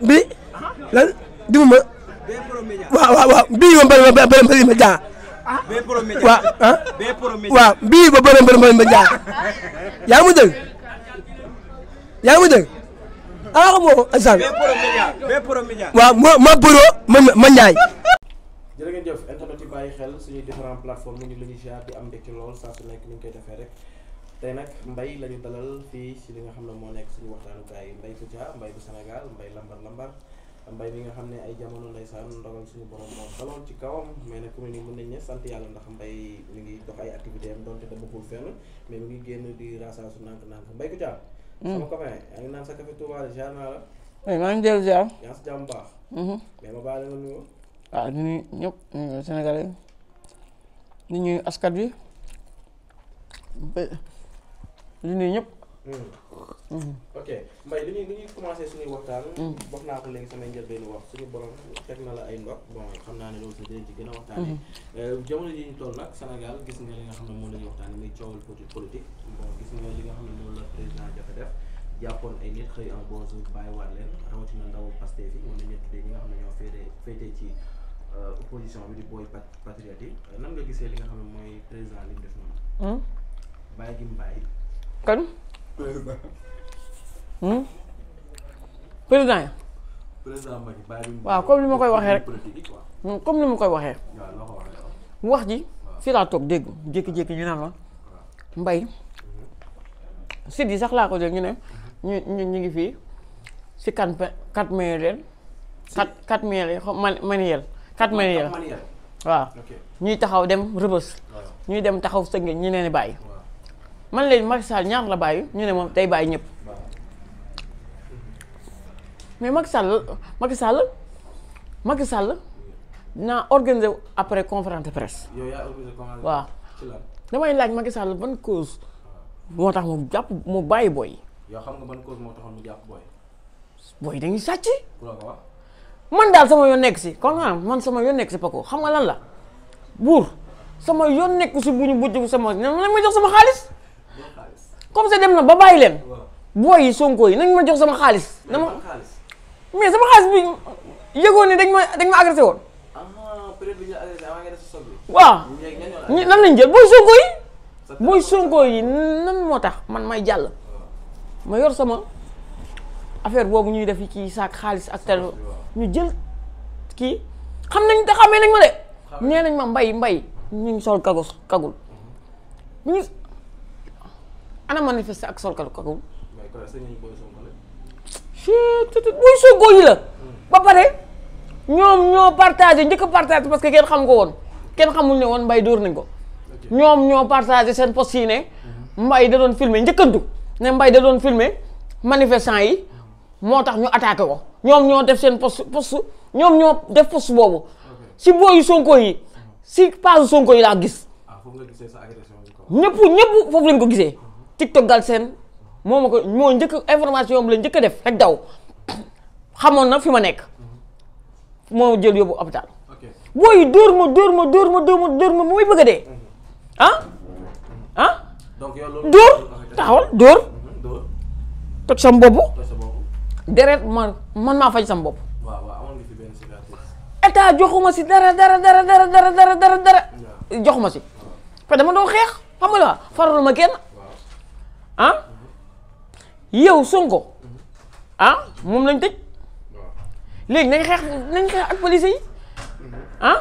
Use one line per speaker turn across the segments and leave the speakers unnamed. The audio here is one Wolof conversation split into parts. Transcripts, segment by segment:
bii lan diw ma waaw waaw waaw bii ma bëri ma bëri bëri ma jaa waaw ah waaw bii ma bëri bëri bëri ma jaa yaa mu dégg yaa mu dégg ah moo asaan waaw ma ma bëro ma ma ñaay jërë ngeen jëf internet yi bàyyi xel suñuy différentes plateformes ñu ngi leen di jaar di am mbégte lool saa su nekk koy defee rek tey nag mbay la ñu dalal fii si li nga xam ne moo nekk suñu waxtaanukaay mbay ku ca mbay bu Sénégal mbay lambar lambar mbay mi nga xam ne ay jamono ndeysaan ndogal suñu borom moom daloon ci kawam mais ne sant yàlla ndax mbay ngi ay activité am donte da bëggul fenn mais mi ngi génn di rasaasu nànk-nànk mbay ku ca hmm. sama copain yaa ngi naan sa café Touba jaar naa la oui maa baax hmm. mais ma baale nga nuyoo
waaw ah, di nuyu ñëpp Sénégalais di nuyu bi li nuyu ñëpp. Hmm.
ok Mbaye li ñuy li commencé suñuy waxtaan. Hmm. wax naa ko léegi sama njëlbéenu wax suñu borom teg na la ay ndox bon xam naa ne loolu si dinañ ci gën a waxtaanee. Hmm. Euh, jamono ji ñu toll nag Sénégal gis nga li xam ne moom la ñuy waxtaanee muy coowal politique gis nga li xam ne moom la président jafe def jàppoon ay nit xëy en bon jour bàyyiwaat leen rawatina ndaw Pastef yi wala ñett de ñi nga xam ne ñoo féetee féetee ci euh, opposition bi di booy patriote yi nan nga gisee li nga xam ne mooy président li mu def noonu. bàyyi gi mu kon. président.
Hmm? président
waaw comme li ma koy waxee rek.
Hmm, comme ni ma koy waxee. wax ji fii laa toog dégg jékki-jékki ñu naan la mbay sit yi sax laa ko dégg ñu ne ñu ñu ñu ngi fii si kan kat manuel kat kat manuel manuel kat manuel waaw ñuy taxaw dem rëbës ñuy dem taxaw sënge ñu leen di bàyyi man leen Macky Sall ñaar la bàyyi ñu ne moom tey bàyyi ñëpp mais Macky Sall Macky Sall Macky Sall naa après conférence de presse. yow yaa
organiser conférence waaw
damay laaj Macky ban cause moo tax mu jàpp mu bàyyi booy.
yow xam nga ban moo taxoon mu jàpp booy.
booy sàcc. man daal sama yoon nekk si kon man sama yoon nekk si Paco xam nga lan la buur sama yoon nekku si bu ñu bujj sama ne ma jox sama xaalis. comme ça dem na ba bàyyi leen. booy yi sonko yi nañ ma jox sama xaalis. dama mais sama xaalis bi yëgoon ne dañ ma dañ ma woon. Ah, waaw ñi lan lañ jël booy sonko yi. booy sonko yi nan moo tax man may jàll. ma yor sama affaire boobu ñuy def kii saak xaalis ak téléphone ñu jël kii xam nañ te xamee nañ ma de. nee nañ ma mbay mbay ñu ngi sol kagul kagul. Mhm. ana manifester ak sol kooku. booy Sonko yi la. ba pare ñoom ñoo partagé njëkk a parce que kenn xam ko woon kenn xamul ne woon mbay dóor nañ ko. ñoom ñoo partagé seen post yi ne. Mhm. mbay da doon filmer njëkkantu ne mbay da doon filmer manifestant yi moo tax ñu attaqué ko ñoom ñoo def seen post post ñoom ñoo def post boobu. si booyu Sonko yi si paasu Sonko yi laa gis. Ah, ñëpp ñëpp foofu leen ko gisee. TikTok Galsen moo ma ko moo njëkk information bi la njëkk a def rek daw xamoon na fi ma nekk moo jël yóbbu hôpital booy dóor ma dóor ma dóor ma dóor ma dóor ma muy bëgg a dee mhm. ah ah dóor taxawal mhm, dóor toj sam bopp deret man man maa faj sam bopp état joxuma si dara dara dara dara dara dara dara joxuma si parce que dama doon xeex xam nga la faraluma kenn ah yow Sonko ah moom lañ tëj léegi nañ xeex nañ xeex ak police yi mhm. ah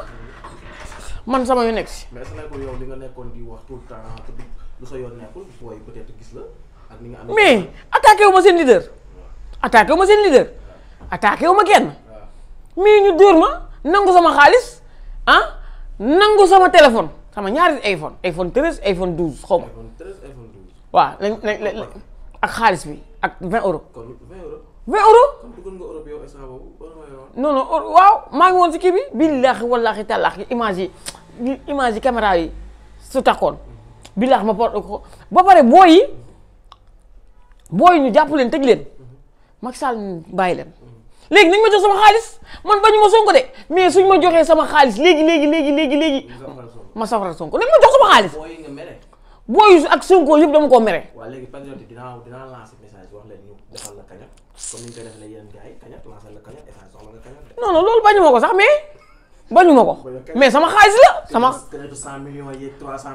man sama yu nekk
si. mais est-ce que yow li di wax tout le lu sa yoon nekkul gis la
ak ni nga amee. ma seen leader. attaqué wu ma seen leader. attaqué wu ma kenn. mais ñu dóor ma nangu sama xaalis ah nangu sama téléphone sama ñaari iPhone iPhone 13 iPhone 12 xaw ma. waaw lañ lañ xaalis bi ak vingt euros. kon vingt nga waaw maa ngi woon si kii bi. billaahi wallaahi tallaahi image yi image yi yi su takkoon. billaahi ma porte ba pare booy yi booy ñu jàpp leen tëj leen. Macky Sall bàyyi leen. léegi nañ ma jox sama xaalis man bañu ma Sonko de mais suñ ma joxee sama xaalis léegi léegi léegi léegi léegi ma safara Sonko nañ ma jox sama xaalis. booy ak Sonko yëpp dama koo mere. waaw léegi patriote dinaa dinaa lancer message wax leen ñu defal la kaña comme ni ñu koy defalee yéen loolu bañu ma ko sax mais bañu ko. mais sama xaalis la sama.
këretu 100 millions yi 300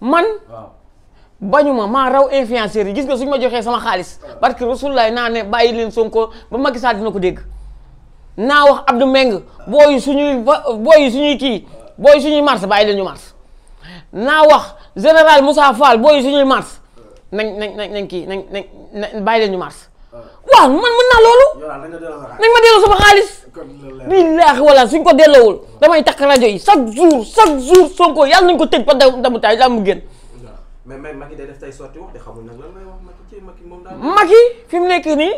man. waaw bañu ma maa raw influenceurs yi gis nga suñ ma joxee sama xaalis. parce que Rasulullah naa ne bàyyi leen Sonko ba Macky Sall dina ko dégg. naa wax Abdou Meng booy suñuy booy suñuy kii booy suñuy mars bàyyi leen ñu mars naa wax. général musa Fall booy suñuy mars nañ nañ nañ nañ kii nañ nañ bàyyi leen ñu mars waaw man mën naa loolu. nañ ma delloo sama xaalis. billaahi wala suñ ko delloowul damay takk rajo yi chaque jour chaque jour Sonko yàlla nañ ko tëj ba damu taay daa mu génn.
mais mais Macky day def tey sotti wax de xamul nag lan lay wax
Macky moom daal. Macky fi mu nekk nii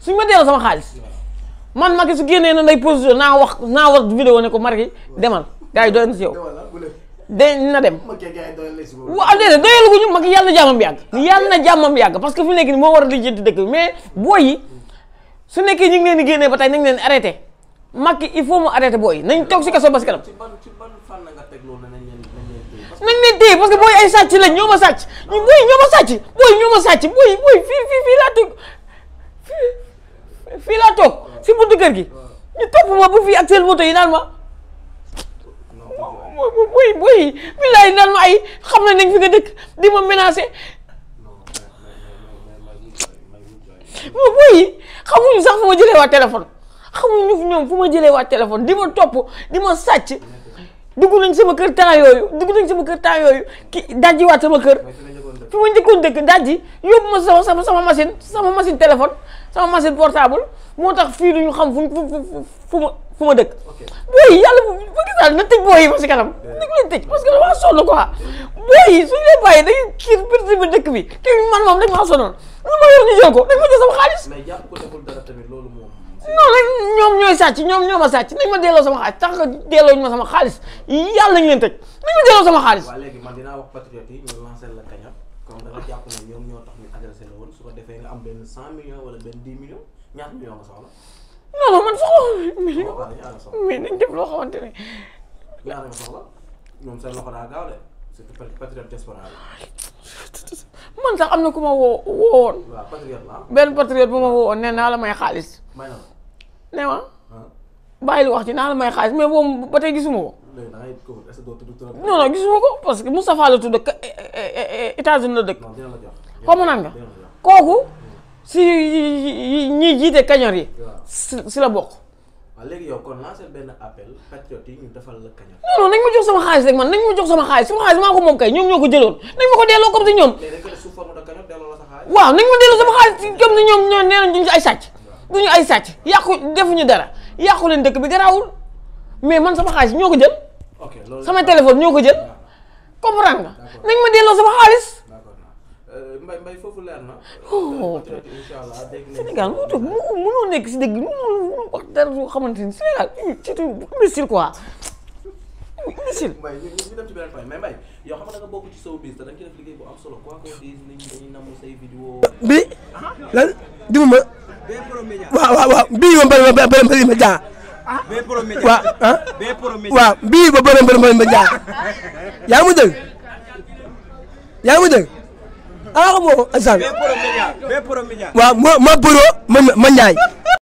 suñ ma delloo sama xaalis man Macky su génnee na day position naa wax naa wax vidéo ne ko Macky demal gars yi doon si yow. dina dem waaw déedéet doyaluguñu mag yàlla na jàmmam yàgg ah. yàlla na jàmmam yàgg parce que fi nekk ni moo war a lijjanti dëkk bi mais booy yi su nekkee ñu ngi leen di génnee ba tey nañ leen arrêté Macky il faut mu arrêté booy nañ toog si kaso ba si kanam nañ leen téye parce que booy ay sàcc lañ ñoo ma sàcc booy ñoo ma sàcc booy ñoo ma sàcc booy booy fii fii laa toog fii fii laa toog si buntu kër gi ñu topp ma bu fii ak moto yi naan ma boy boy billaay naan ma ay xam nañ fi nga dëkk di ma menacer ma boy xamuñu sax fu ma jëlee waa téléphone xamuñu ñoom fu ma jëlee waa téléphone di ma topp di ma sàcc dugg nañ sama kër temps yooyu dugg nañ sama kër temps yooyu ki dajji waat sama kër fi ma njëkkoon dëkk dajji yóbbu ma sama sama sama sama machine téléphone sama machine portable moo tax fii duñu xam fu fu fu ma fu ma dëkk. booy yàlla bu gisaal na tëj booy yi ba si kanam. dëgg lañ tëj parce que damaa sonn quoi. booy yi suñu leen bàyyi dañuy kii perte bi dëkk bi kii man moom dañ maa sonnoon lu ma yor ñu jël ko dañ ma jël sama xaalis. mais jàpp ko deful dara tamit loolu moom. non nag ñoom ñooy sàcc ñoom ñoo ma sàcc nañ ma delloo sama xaalis tax delloo ñu ma sama xaalis yàlla ñu leen tëj nañ ma delloo sama xaalis. waaw
léegi man dinaa wax patriote yi ñu lancé la kaña comme dama jàpp ne ñoom ñoo tax ñu agressé la woon su ko defee nga am benn cent millions wala benn dix millions ñaata millions nga soxla non non man soxla mais
nañ def loo xamante ne.
ñaar nga soxla ñoom daa gaaw de
man sax am na ku ma woo woowoon. waaw benn patriote bu ma woowoon nee naa la may xaalis. may na ne ma. wax ci naa la may xaalis mais boobu ba tey gisuma ko. non non gisuma ko parce que Moustapha la tudd e, e, e, États-Unis la dëkk. xamu naan nga kooku. si ñiy jiite kañor yi. si la bokk.
waaw léegi yow kon lancé benn appel patriote yi ñu defal la kañor.
non nañ ma jox sama xaalis rek man nañ ma jox sama xaalis sama xaalis maa ko moom kay ñoom ñoo ko jëloon nañ ma ko delloo comme si ñoom. waaw nañ ma delloo sama xaalis comme si ñoom ñoo nee ay sàcc. duñu ay sàcc yàqu dara yàqu leen dëkk bi garaawul mais man sama xaalis ñoo ko jël. ok sama téléphone ñoo ko jël comprendre nga nañ ma delloo sama xaalis. mbay mbay foofu leer na.
incha allah dégg nañu Sénégal
mu mënoo nekk si dëgg mënoo wax dara loo xamante ni Sénégal surtout imbécile quoi.
imbécile mbay ñu ñu dem ci beneen point mais mbay yow xam nga nga bokk ci sow bi te da nga ci def liggéey bu am solo quoi qu'on dise nit ñi dañuy namm say vidéo. bii lan dimuma. waaw waaw waaw bii moom bëri ma bëri bëri ma jaa. waaw ah waaw bii ba bëri bëri ma jaa yaa ngi ma dégg yaa ngi ma dégg. ala ko mɔgɔ asan. bɛɛ poro min ɲa bɛɛ poro ma ma